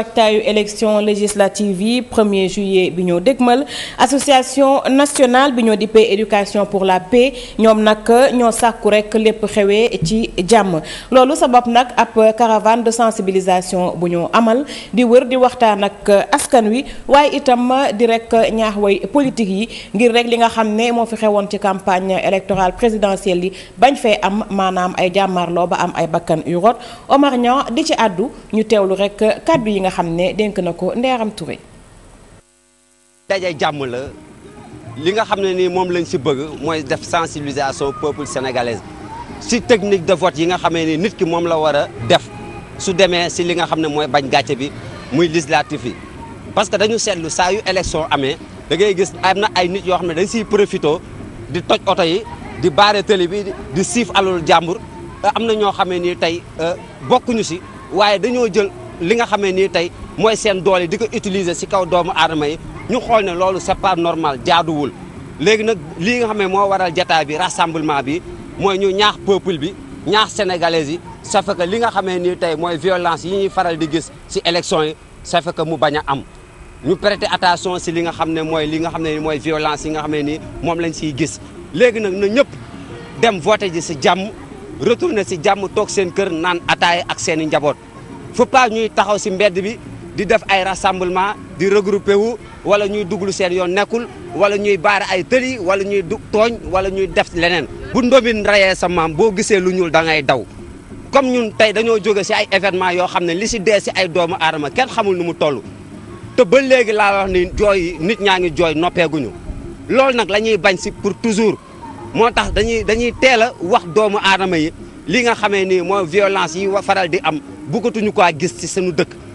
aktaayu élection législative yi 1er juillet bi ñoo dégmal association nationale bi ñoo dippee éducation pour la paix ñoom nag ñoo sàkku rek lépp xewee ci jàmm loolu sabab nag ab caravane de sensibilisation bu ñu amal di wër di waxtaan ak askan wi waaye itam di rek ñaax way politique yi ngir rek li nga xam ne moo fi ci campagne électorale présidentielle yi bañ fee am maanaam ay jàmmaarloo ba am ay bakkan yu rot Omar di ci àddu ñu teewlu rek kàddu yi nga xam ne dénk na ko Ndéram Touré. daje li nga xam ne ni moom lañ si bëgg mooy def sensibilisation peuple sénégalaise si technique de vote yi nga xamee ni nit ki moom la war a def su demee si li nga xam ne mooy bañ gàcce bi muy législatif yi parce que dañu seetlu saa yu élection amee da ngay gis am na ay nit yoo xam ne dañ siy profité di toj oto yi di baare télé bi di siif alul jàmbur am na ñoo xamee ni tey euh, bokkuñu si waaye dañoo jël li nga xamee nii tey mooy seen doole di ko utiliser si kaw doomu aadama yi ñu xool ne loolu c'est pas normal jaaduwul léegi nag lii nga xam ne moo waral jataa bi rassemblement bi mooy ñu ñaax peuple bi ñaax sénégalais yi ça li nga xamee ni tey mooy violence yi ñuy faral di gis si élection yi ça que mu bañ a am ñu prêter attention si li nga xam ne mooy li nga xam ne mooy violence yi nga xam ne ni moom lañ siy gis léegi nag na ñëpp dem voter ji si jàmm retourner si jàmm toog seen kër naan ataaya ak seen i njaboot faut pas ñuy taxaw si mbedd bi di def ay rassemblement di regroupé wu wala ñuy duglu seen yoon nekkul wala ñuy baare ay tëli wala ñuy du tooñ wala ñuy def leneen bu ndomin rayee sa maam boo gisee lu ñuul da ngay daw comme ñun tey dañoo jóge si ay événement yoo xam ne li si dee si ay doomu aadama kenn xamul nu mu toll te ba léegi laa wax ni jooy nit ñaa ngi jooy noppeeguñu loolu nag lañuy bañ si pour toujours moo tax dañuy dañuy teel a wax doomu aadama yi li nga xamee ni mooy violence yi faral di am bëggatuñu ko gis si sunu dëkk